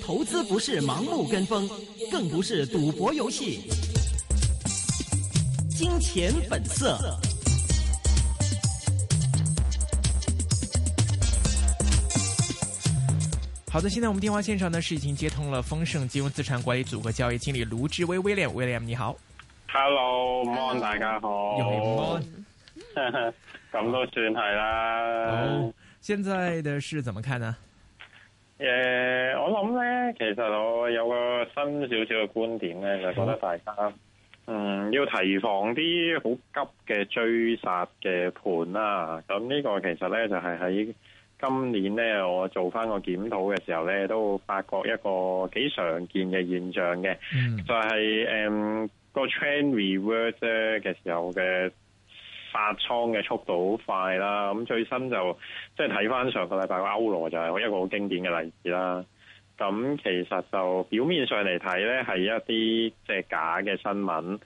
投資不是盲目跟風，更不是賭博遊戲。金錢本色。好的，現在我們電話線上呢是已經接通了豐盛金融資產管理組合交易經理盧志威威廉 William，你好。Hello Mon，大家好。Morning，哈哈，咁都算係啦。現在的事怎麼看呢？誒、呃，我諗咧，其實我有個新少少嘅觀點咧，就是、覺得大家嗯要提防啲好急嘅追殺嘅盤啦、啊。咁、嗯、呢個其實咧就係、是、喺今年咧，我做翻個檢討嘅時候咧，都發覺一個幾常見嘅現象嘅，就係、是、誒、嗯這個 trend reversal 嘅時候嘅。八倉嘅速度好快啦，咁最新就即係睇返上個禮拜個歐羅就係一個好經典嘅例子啦。咁其實就表面上嚟睇咧，係一啲即係假嘅新聞，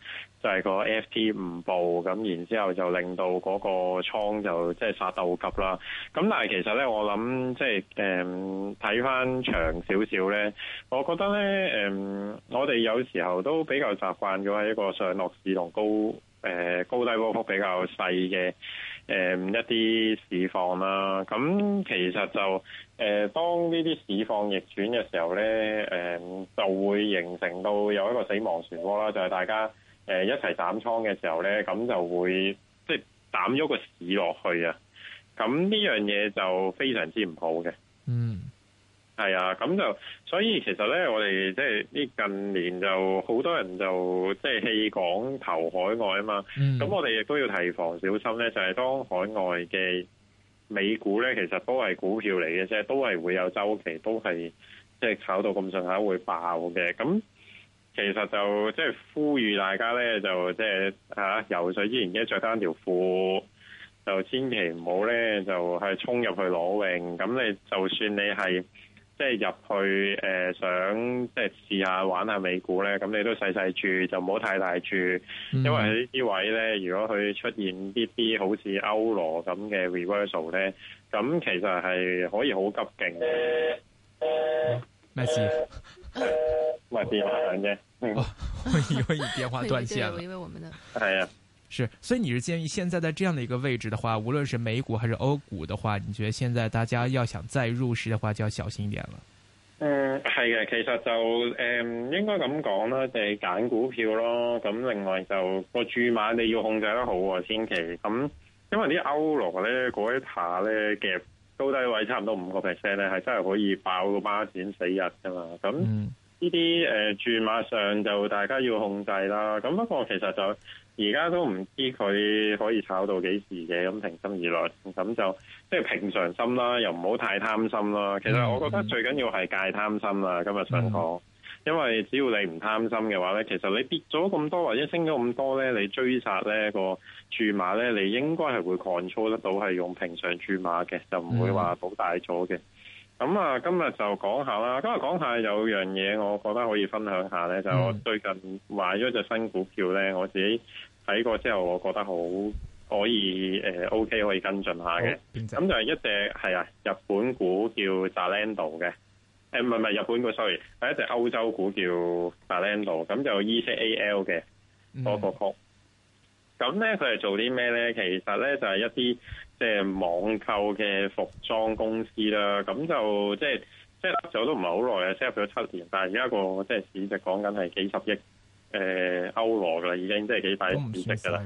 就係、是、個 FT 誤報，咁然之後就令到嗰個倉就即係、就是、殺得好急啦。咁但係其實咧，我諗即係誒睇返長少少咧，我覺得咧誒、嗯，我哋有時候都比較習慣咗喺一個上落市同高。誒，高低波幅比較細嘅，誒一啲市況啦。咁其實就，誒當呢啲市況逆轉嘅時候咧，誒就會形成到有一個死亡漩渦啦。就係大家誒一齊斬倉嘅時候咧，咁就會即係斬咗個市落去啊。咁呢樣嘢就非常之唔好嘅。嗯。係啊，咁就所以其實咧，我哋即係呢近年就好多人就即係棄港投海外啊嘛。咁、嗯、我哋亦都要提防小心咧，就係、是、當海外嘅美股咧，其實都係股票嚟嘅啫，都係會有周期，都係即係炒到咁上下會爆嘅。咁其實就即係呼籲大家咧，就即係嚇游水之前一着單條褲，就千祈唔好咧就係衝入去攞泳。咁你就算你係。即係入去誒，想即係試下玩，玩一下美股咧，咁你都細細住，就唔好太大住，嗯、因為呢啲位咧，如果佢出現啲啲好似歐羅咁嘅 reversal 咧，咁其實係可以好急勁嘅。咩事，唔係電話響啫、 哦，我以為電話斷線，因為 我，我們呢係啊。 是，所以你是建議現在在這樣的一個位置的話，無論是美股還是歐股的話，你覺得現在大家要想再入市的話，就要小心一點了。嗯，係嘅，其實就誒、嗯，應該咁講啦，就係揀股票咯。咁另外就個注碼你要控制得好、啊、千祈，咁因為啲歐羅咧，嗰一下咧嘅高低位差唔多五個 percent 咧，係真係可以爆個孖展死人噶嘛。咁呢啲誒注碼上就大家要控制啦。咁不過其實就。而家都唔知佢可以炒到幾時嘅，咁平心而論，咁就即係、就是、平常心啦，又唔好太貪心啦。其實我覺得最緊要係戒貪心啦。今日想講，嗯、因為只要你唔貪心嘅話咧，其實你跌咗咁多或者升咗咁多咧，你追殺咧個注碼咧，你應該係會 control 得到，係用平常注碼嘅，就唔會話好大咗嘅。咁啊、嗯，今日就講下啦。今日講下有樣嘢，我覺得可以分享下咧，就是、我最近買咗隻新股票咧，我自己。睇過之後，我覺得好可以誒、呃、OK 可以跟進一下嘅。咁就係一隻係啊，日本股叫 Zalando 嘅，誒唔係唔係日本股 sorry，係一隻歐洲股叫 Zalando，咁就 E Z AL 嘅嗰個股。咁咧佢係做啲咩咧？其實咧就係、是、一啲即係網購嘅服裝公司啦。咁就即係即係走都唔係好耐，係成立咗七年，但係而家個即係、就是、市值講緊係幾十億。誒，歐羅噶啦，已經即係幾塊貶值噶啦，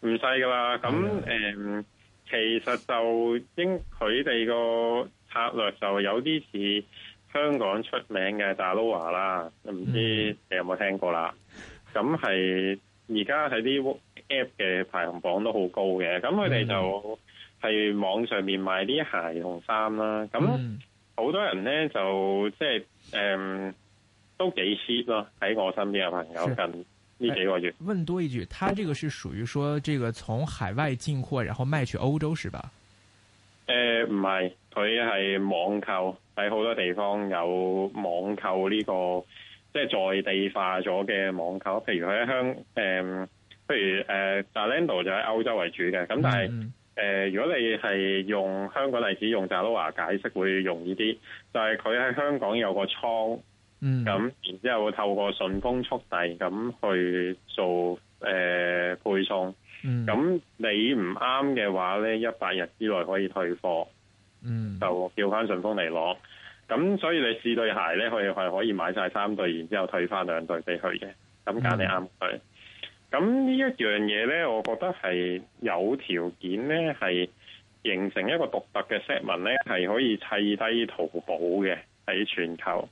唔細噶啦。咁誒、嗯嗯，其實就應佢哋個策略就有啲似香港出名嘅大達羅華啦，唔知你有冇聽過啦？咁係而家喺啲 app 嘅排行榜都好高嘅。咁佢哋就喺網上面賣啲鞋同衫啦。咁好、嗯、多人咧就即係誒。嗯都幾 heat 咯，喺我身邊嘅朋友是近呢幾個月。問多一句，佢呢個係屬於說，這個從海外進貨，然後賣去歐洲，是吧？誒、呃，唔係，佢係網購，喺好多地方有網購呢、這個即係在地化咗嘅網購。譬如佢喺香誒，譬如誒，但、呃、Zalando 就喺歐洲為主嘅。咁但係、嗯呃、如果你係用香港例子用，就羅話解釋會容易啲。就係佢喺香港有個倉。嗯，咁然之後透過順豐速遞咁去做誒、呃、配送。咁、嗯、你唔啱嘅話咧，一百日之內可以退貨。嗯，就叫翻順豐嚟攞。咁所以你試對鞋咧，佢係可以買晒三對，然之後退翻兩對俾佢嘅。咁揀你啱佢。咁呢一樣嘢咧，我覺得係有條件咧，係形成一個獨特嘅 set 文咧，係可以砌低淘寶嘅喺全球。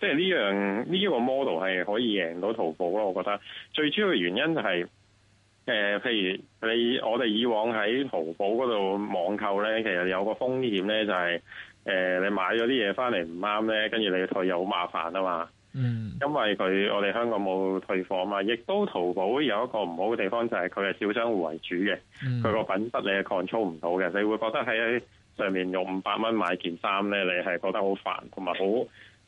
即係呢樣呢個 model 係可以贏到淘寶咯，我覺得最主要嘅原因就係、是，誒、呃，譬如你我哋以往喺淘寶嗰度網購咧，其實有個風險咧就係、是，誒、呃，你買咗啲嘢翻嚟唔啱咧，跟住你退又好麻煩啊嘛。嗯。因為佢我哋香港冇退貨啊嘛，亦都淘寶有一個唔好嘅地方就係佢係小商戶為主嘅，佢個、嗯、品質你係 control 唔到嘅，你會覺得喺上面用五百蚊買件衫咧，你係覺得好煩同埋好。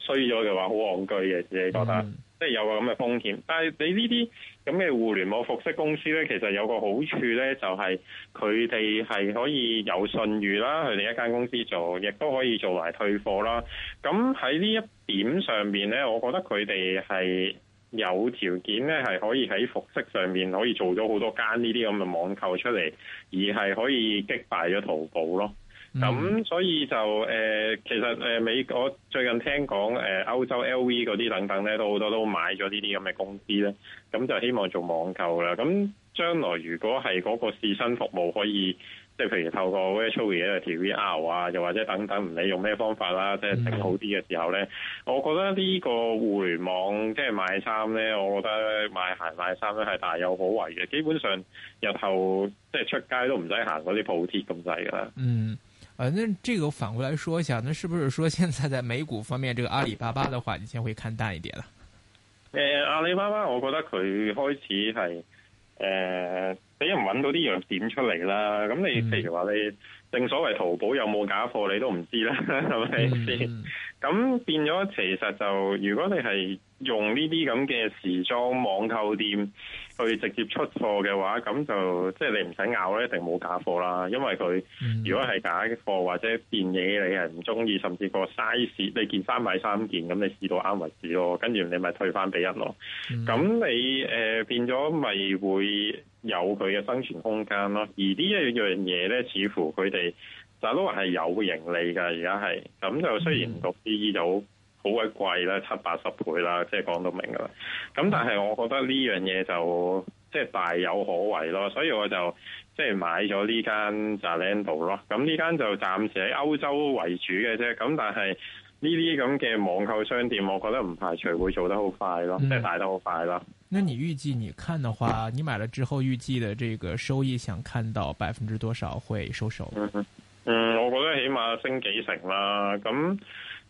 衰咗嘅話，好戇居嘅，自己覺得，即係有個咁嘅風險。但係你呢啲咁嘅互聯網服飾公司咧，其實有個好處咧，就係佢哋係可以有信譽啦，佢哋一間公司做，亦都可以做埋退貨啦。咁喺呢一點上面咧，我覺得佢哋係有條件咧，係可以喺服飾上面可以做咗好多間呢啲咁嘅網購出嚟，而係可以擊敗咗淘寶咯。咁、嗯、所以就、呃、其實、呃、美國最近聽講誒歐洲 LV 嗰啲等等咧，都好多都買咗呢啲咁嘅公司咧。咁就希望做網購啦。咁將來如果係嗰個試身服務可以，即係譬如透過 Virtual Reality 啊，又或者等等，唔理用咩方法啦、嗯，即係整好啲嘅時候咧，我覺得呢個互聯網即係買衫咧，我覺得買鞋買衫咧係大有可為嘅。基本上日後即係出街都唔使行嗰啲鋪貼咁滯㗎啦。嗯。啊，那這個反過來說一下，那是不是說現在在美股方面，這個阿里巴巴的話，你先會看淡一點啦？誒、呃，阿里巴巴，我覺得佢開始係誒俾人揾到啲弱點出嚟啦。咁你譬如話你，正所謂淘寶有冇假貨你都唔知啦，係咪先？咁 變咗其實就如果你係。用呢啲咁嘅時裝網購店去直接出貨嘅話，咁就即係你唔使拗咧，一定冇假貨啦。因為佢、mm hmm. 如果係假貨或者件嘢，你係唔中意，甚至個 size 你件衫買三件，咁你試到啱為止咯，跟住你咪退翻俾人咯。咁、mm hmm. 你誒、呃、變咗咪會有佢嘅生存空間咯。而呢一樣嘢咧，似乎佢哋都話係有盈利㗎，而家係咁就雖然嗰啲有。Hmm. 好鬼貴啦，七八十倍啦，即係講到明噶啦。咁但係我覺得呢樣嘢就即係大有可為咯，所以我就即係買咗呢間 Zalando 咯。咁呢間就暫時喺歐洲為主嘅啫。咁但係呢啲咁嘅網購商店，我覺得唔排除會做得好快咯，即係大得好快咯。那你預計你看的話，你買了之後預計的這個收益，想看到百分之多少會收手？嗯，我覺得起碼升幾成啦。咁、嗯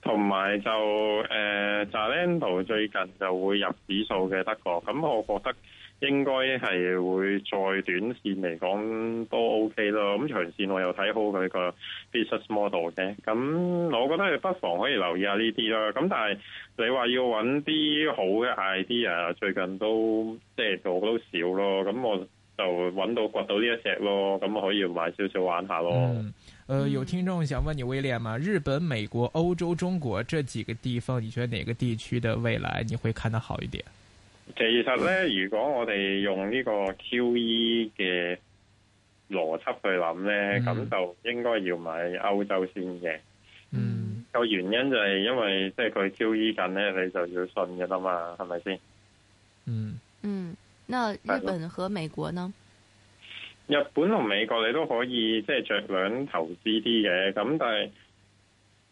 同埋就誒呃、Zalando 最近就會入指數嘅德國，咁我覺得應該係會再短線嚟講都 OK 咯。咁長線我又睇好佢個 business model 嘅，咁我覺得你不妨可以留意下呢啲啦。咁但係你話要揾啲好嘅 idea，最近都即係做都少咯。咁我就揾到掘到呢一隻咯，咁可以買少少玩下咯。嗯呃，有聽眾想問你、嗯、威廉嗎？日本、美國、歐洲、中國這幾個地方，你覺得哪個地區的未來你會看得好一點？其實咧，如果我哋用這個、e、的呢個 QE 嘅邏輯去諗咧，咁、嗯、就應該要買歐洲先嘅。嗯，個原因就係因為即係佢 QE 緊咧，你就要信嘅啦嘛，係咪先？嗯嗯，那日本和美國呢？日本同美國你都可以即係着兩投資啲嘢，咁但係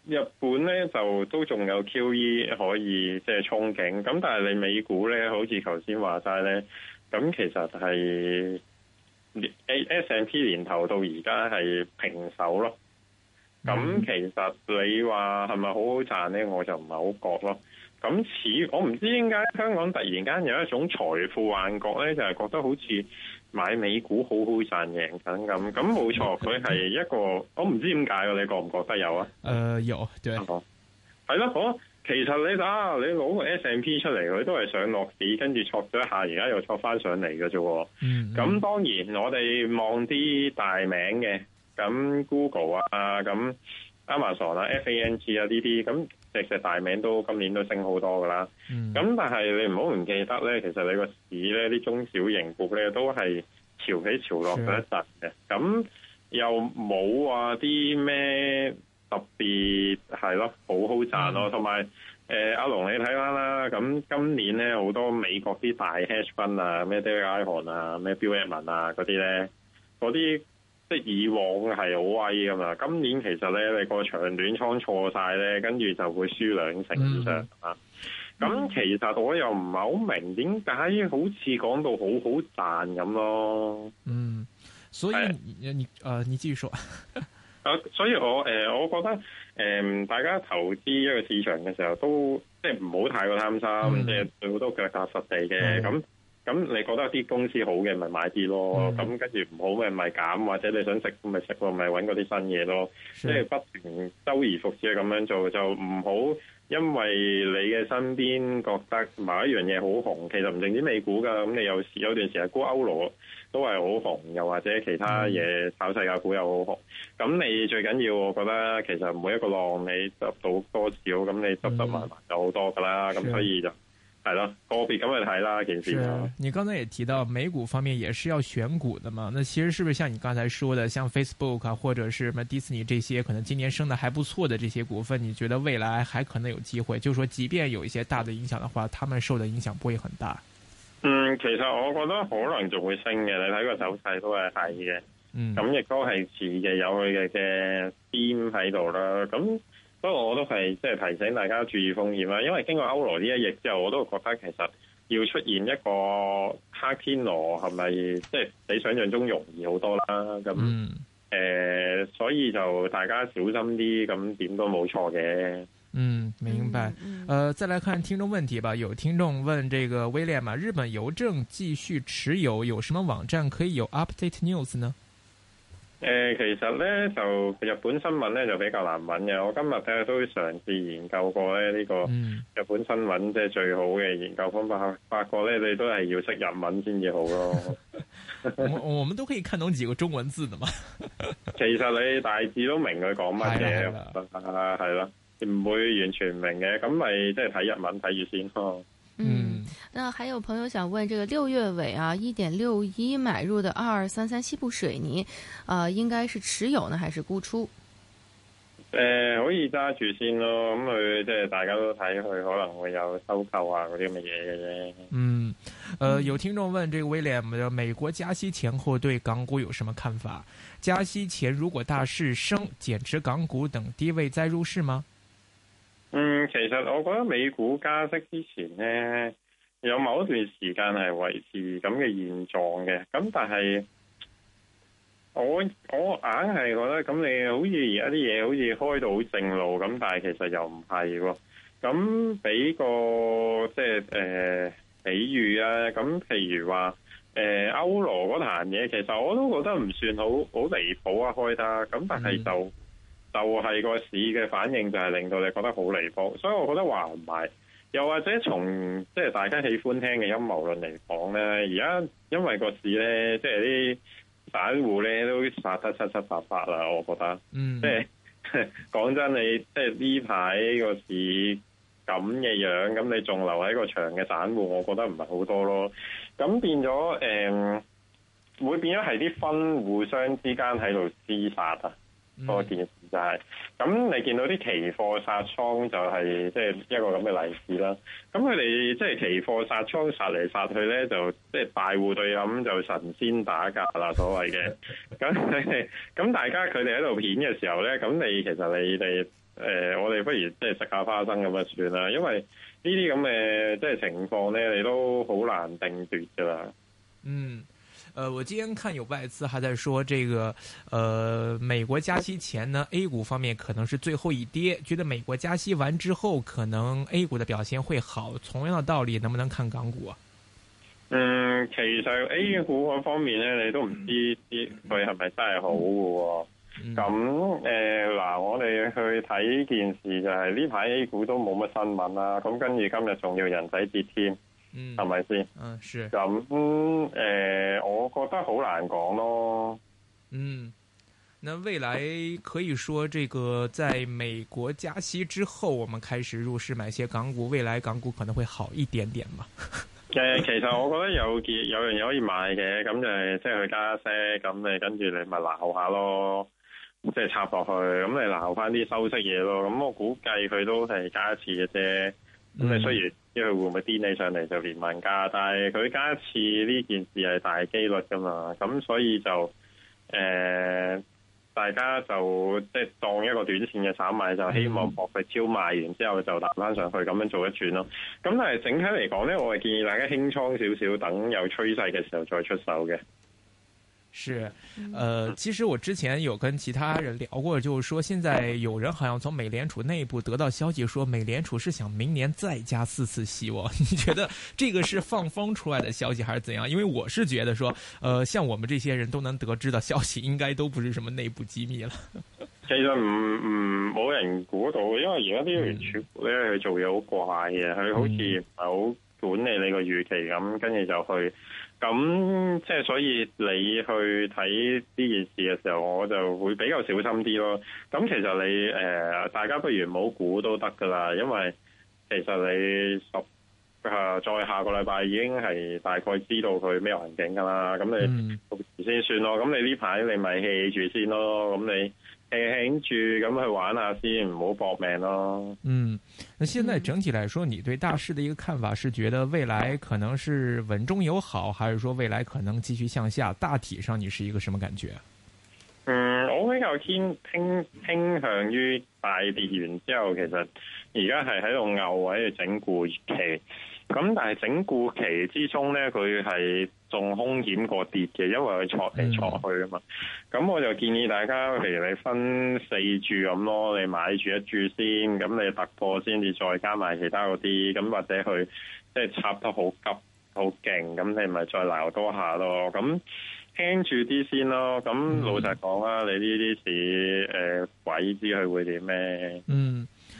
日本咧就都仲有 QE 可以即係、就是、憧憬。咁但係你美股咧好似頭先話齋咧，咁其實係 S&P 年頭到而家係平手咯。咁其實你話係咪好好賺咧？我就唔係好覺得咯。咁似我唔知點解香港突然間有一種財富幻覺咧，就係、是、覺得好似。買美股好好賺，贏緊咁，咁冇錯，佢係一個，我唔知點解，你覺唔覺得有啊？誒，有，的確係咯，好。其實你睇你攞個 S&P 出嚟，佢都係上落市，跟住挫咗一下，而家又挫翻上嚟咋啫。咁、mm hmm. 當然我哋望啲大名嘅，咁 Google 啊，咁。阿馬傻啦 f a n g 啊呢啲，咁其實大名都今年都升好多噶啦。咁、嗯、但係你唔好唔記得咧，其實你個市咧，啲中小型股咧都係潮起潮落嗰陣嘅。咁的又冇話啲咩特別係咯，好好賺咯。同埋誒阿龍你睇翻啦，咁今年咧好多美國啲大 hash 分啊，咩戴爾、i p h o n 啊，咩 Billie 文啊嗰啲咧，啲。即係以往係好威噶嘛，今年其實咧你個長短倉錯晒咧，跟住就會輸兩成以上啊。咁、嗯、其實我又唔係好明點解好似講到好好賺咁咯。嗯，所以你啊的、呃，你繼續說 啊。所以我誒、呃，我覺得誒、呃，大家投資一個市場嘅時候都，都即係唔好太過貪心，即係好多腳踏實地嘅咁。嗯嗯咁你覺得啲公司好嘅，咪買啲咯。咁、嗯、跟住唔好咪咪減，或者你想食咪食，咪揾嗰啲新嘢咯。即係的不停周而復始咁樣做，就唔好因為你嘅身邊覺得某一樣嘢好紅，其實唔淨止美股㗎。咁你有時有段時間沽歐羅都係好紅，又或者其他嘢炒世界股又好紅。咁你最緊要，我覺得其實每一個浪你執到多少，咁你執得埋埋就好多㗎啦。咁的所以就。係咯，個別咁去睇啦其實。你剛才也提到美股方面也是要選股的嘛？那其實是不是像你剛才說的，像 Facebook 啊或者是什麼迪士尼這些可能今年升得還不錯的這些股份，你覺得未來還可能有機會？就說即便有一些大的影響的話，他們受的影響不會很大。嗯，其實我覺得可能仲會升嘅，你睇個手勢都係係嘅。嗯，咁亦都係似嘅有佢嘅嘅邊喺度啦，咁。不過我都係即提醒大家注意風險啦，因為經過歐羅呢一役之後，我都覺得其實要出現一個黑天鵝係咪即係你想像中容易好多啦？咁、嗯呃、所以就大家小心啲，咁點都冇錯嘅。嗯，明白。呃、再嚟看聽眾問題吧。有聽眾問這個威廉 l 日本郵政繼續持有，有什麼網站可以有 Update News 呢？誒，其實咧就日本新聞咧就比較難揾嘅。我今日睇下都嘗試研究過咧呢個日本新聞，即係最好嘅研究方法，發覺咧你都係要識日文先至好咯。我 我們都可以看懂幾個中文字的嘛。 其實你大致都明佢講乜嘢，係啦， 係啦，唔會完全唔明嘅。咁咪即係睇日文睇住先咯。嗯，那還有朋友想問，這個六月尾啊，一點六一買入的二二三三西部水泥，啊、呃，應該是持有呢還是沽出？呃，可以揸住先咯，咁佢即係大家都睇佢可能會有收購啊嗰啲咁嘅嘢嘅啫。嗯，呃，有聽眾問，這個 William 的美國加息前後對港股有什麼看法？加息前如果大市升，減持港股等低位再入市嗎？嗯，其實我覺得美股加息之前咧，有某一段時間係維持咁嘅現狀嘅。咁但係我我硬係覺得咁，你好似而家啲嘢好似開到好正路咁，但係其實又唔係喎。咁俾個即係誒，比喻啊，咁譬如話誒歐羅嗰壇嘢，其實我都覺得唔算好好離譜啊，開得咁，但係就。就係個市嘅反應，就係令到你覺得好離譜，所以我覺得話唔埋，又或者從即係大家喜歡聽嘅陰謀論嚟講咧，而家因為個市咧，即係啲散戶咧都殺得七七八八啦，我覺得，嗯，即係講真，即這樣樣你即係呢排個市咁嘅樣，咁你仲留喺個場嘅散戶，我覺得唔係好多咯，咁變咗誒、嗯，會變咗係啲分互相之間喺度廝殺啊！個件事就係咁，嗯、你見到啲期貨殺倉就係即係一個咁嘅例子啦。咁佢哋即係期貨殺倉殺嚟殺去咧，就即係大戶對咁就神仙打架啦，所謂嘅。咁咁 大家佢哋喺度片嘅時候咧，咁你其實你哋誒、呃，我哋不如即係食下花生咁啊算啦。因為呢啲咁嘅即係情況咧，你都好難定奪嘅啦。嗯。呃，我今天看有外資還在說，這個，呃，美國加息前呢，A 股方面可能是最後一跌，覺得美國加息完之後可能 A 股的表現會好，同樣的道理，能不能看港股啊？嗯，其實 A 股嗰方面呢，你都唔知啲佢係咪真係好嘅、啊，咁誒嗱，我哋去睇件事就係呢排 A 股都冇乜新聞啦、啊，咁跟住今日仲要人仔跌添。嗯，係咪先？嗯，是。咁誒、嗯呃，我覺得好難講咯。嗯，那未來可以說，這個在美國加息之後，我們開始入市買些港股，未來港股可能會好一點點嘛？誒， 其實我覺得有，有件有樣嘢可以買嘅，咁就係即係佢加息，咁你跟住你咪撈下咯，即係插落去，咁你撈翻啲收息嘢咯。咁我估計佢都係加一次嘅啫，咁你雖然、嗯。即係會唔會顛你上嚟就連萬價？但係佢加一次呢件事係大機率噶嘛，咁所以就誒、呃、大家就即係當一個短線嘅炒買，就希望博佢超賣，然之後就彈翻上去，咁樣做一轉咯。咁但係整體嚟講咧，我係建議大家輕倉少少，等有趨勢嘅時候再出手嘅。是，呃，其實我之前有跟其他人聊過，就是說現在有人好像從美聯儲內部得到消息，說美聯儲是想明年再加四次息。我你覺得這個是放風出來的消息還是怎樣？因為我是覺得說，呃，像我們這些人都能得知的消息，應該都不是什麼內部機密了，其實唔唔冇人估到，因為而家呢個美聯儲咧去做嘢好怪嘅，佢好似唔係好管理你個預期咁，跟住、嗯、就去。咁即係所以你去睇呢件事嘅時候，我就會比較小心啲咯。咁其實你、呃、大家不如唔好估都得噶啦，因為其實你十啊，再、呃、下個禮拜已經係大概知道佢咩環境噶啦。咁你、嗯、先算咯。咁你呢排你咪 hea 住先咯。咁你。誒，穩住咁去玩一下先，唔好搏命咯。嗯，那現在整體來說，你對大市的一個看法是覺得未來可能是穩中有好，還是說未來可能繼續向下？大體上你是一個什麼感覺？嗯，我比較傾傾傾向於大跌完之後，其實而家係喺度牛位度整固期。咁但係整固期之中咧，佢係仲凶險過跌嘅，因為佢挫嚟挫去啊嘛。咁 我就建議大家，譬如你分四注咁咯，你買住一注先，咁你突破先至再加埋其他嗰啲，咁或者佢即係插得好急好勁，咁你咪再鬧多下咯。咁輕住啲先咯。咁老實講啦，你呢啲市誒、呃、鬼知佢會點咩？嗯。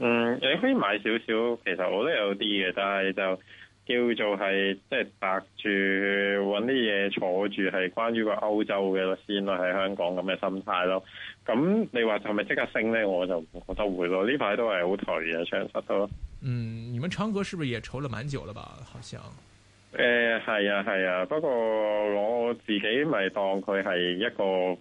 嗯，你可以買少少，其實我都有啲嘅，但係就叫做係即係搭住揾啲嘢坐住，係關於個歐洲嘅先咯，喺香港咁嘅心態咯。咁你話係咪即刻升咧？我就覺得會咯，呢排都係好頹啊，長實都。嗯，你們長和是不是也籌了蠻久了吧？好像。誒、嗯、係、呃、啊，係啊，不過我自己咪當佢係一個。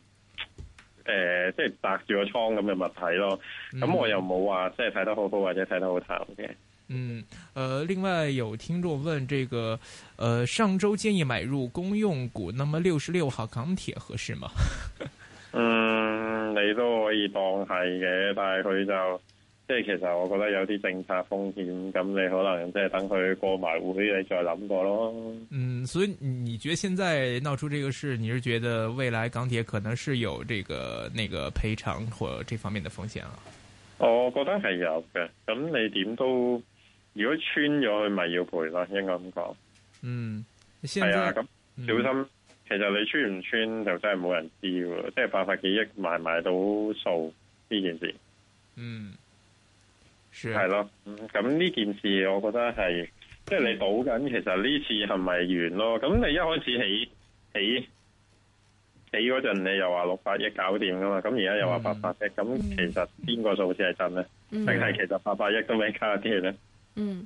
誒，即係搭住個倉咁嘅物體咯，咁我又冇話即係睇得好好或者睇得好淡嘅。嗯，誒，另外有聽眾問，這個，誒，上周建議買入公用股，那麼六十六號港鐵合適嗎？嗯，你都可以當係嘅，但係佢就。即係其實我覺得有啲政策風險，咁你可能即係等佢過埋會，你再諗過咯。嗯，所以你覺得現在鬧出這個事，你係覺得未來港鐵可能是有這個那個賠償或者這方面的風險啊？我覺得係有嘅。咁你點都，如果穿咗佢咪要賠咯，應該咁講。嗯，係啊，咁小心。嗯，其實你穿唔穿就真係冇人知嘅，嗯，即係八百幾億賣唔賣到數呢件事。嗯。係咯，咁呢 Sure. 件事我覺得係，即係你賭緊，其實呢次係咪完咯？咁你一開始起起起嗰陣，你又話六百億搞掂噶嘛？咁而家又話八百億，咁、mm hmm. 其實邊個數字係真咧？係咪、mm hmm. 其實八百億都未卡啲嘢咧？嗯、mm。Hmm.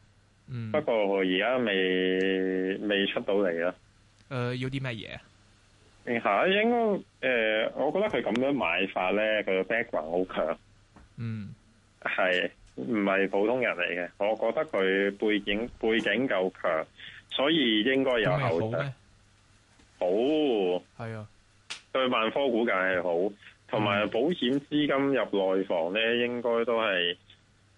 嗯、不過而家未未出到嚟啦。誒、呃，有啲乜嘢？然後應該誒、呃，我覺得佢咁樣買法咧，佢個 background 好強。嗯，係唔係普通人嚟嘅？我覺得佢背景背景夠強，所以應該有後勢。好，好，係啊的。對萬科股價係好，同埋保險資金入內房咧，應該都係。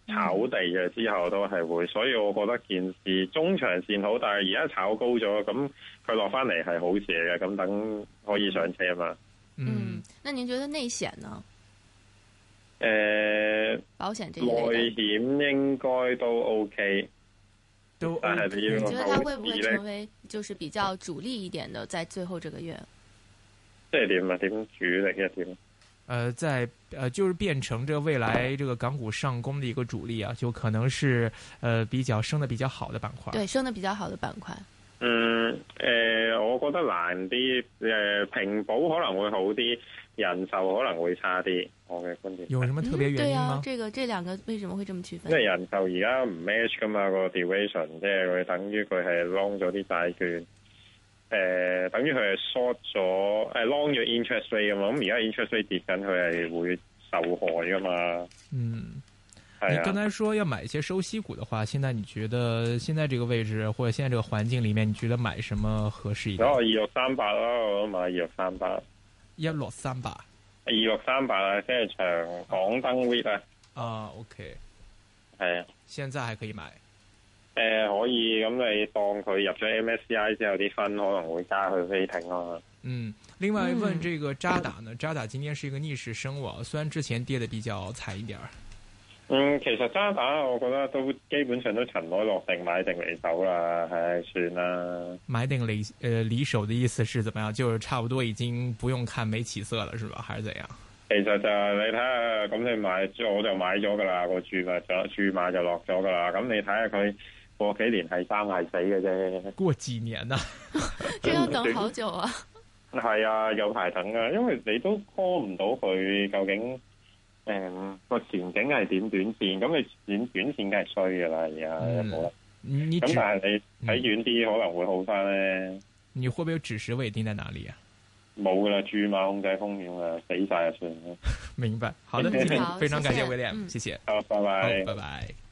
嗯、炒地嘅之後都係會，所以我覺得件事中長線好，但係而家炒高咗，咁佢落翻嚟係好事嚟嘅，咁等可以上車啊嘛。嗯，那您覺得內險呢？誒、呃，保險內險應該都 OK，都 OK 但係你要留你覺得他會不會成為就是比較主力一點的，在最後這個月？即係點啊？點主力一點這？嗯呃，在呃，就是變成這未來這個港股上攻的一個主力啊，就可能是呃比較升的比較好的板塊。對，升的比較好的板塊。嗯，呃，我覺得難啲，呃，平保可能會好啲，人壽可能會差啲。我嘅觀點。有什麼特別原因嗎、嗯？對啊，這個這兩個為什麼會這麼區分？因為人壽而家唔 match 噶嘛個 duration，即係佢等於佢係 long 咗啲債券。誒、呃，等於佢係 short 咗誒、呃、long 咗 interest rate 嘛、嗯，咁而家 interest rate 跌緊，佢係會受害噶嘛。嗯，係、啊。你剛才說要買一些收息股的話，現在你覺得現在這個位置或者現在這個環境裏面，你覺得買什麼合適一啲？二六三八啦，我都買二六三八。一六三八，二六三八，啊，即係長港燈 week 啊。Okay 啊，OK，係。現在還可以買。誒，可以咁你當佢入咗 MSCI 之後啲分可能會加去飛艇咯。嗯，另外問這個渣打呢？渣打今天是一個逆勢升啊，雖然之前跌得比較慘一點。嗯，其實渣打我覺得都基本上都塵埃落定，買定離手啦，還、哎、算啦。買定離誒、呃、離手的意思是怎麼樣？就是差不多已經不用看，沒起色了，是吧？還是怎樣？其實就係你睇下，咁你買之後，我就買咗噶啦，個注碼就注碼就落咗噶啦。咁你睇下佢。過幾年係生係死嘅啫。過幾年啊？要 等好久啊？係 啊，有排等啊，因為你都 call 唔到佢究竟誒個、嗯、前景係點，短線，咁你短短線梗係衰噶啦，而家冇啦。咁、嗯、但係你睇遠啲可能會好翻咧。你會唔會有止蝕位定在哪裡啊？冇啦，注碼控制風險啦，死晒就算啦。明白，好的， 好非常感謝 William，、嗯、謝謝。嗯、謝謝好，拜拜，拜拜。Bye bye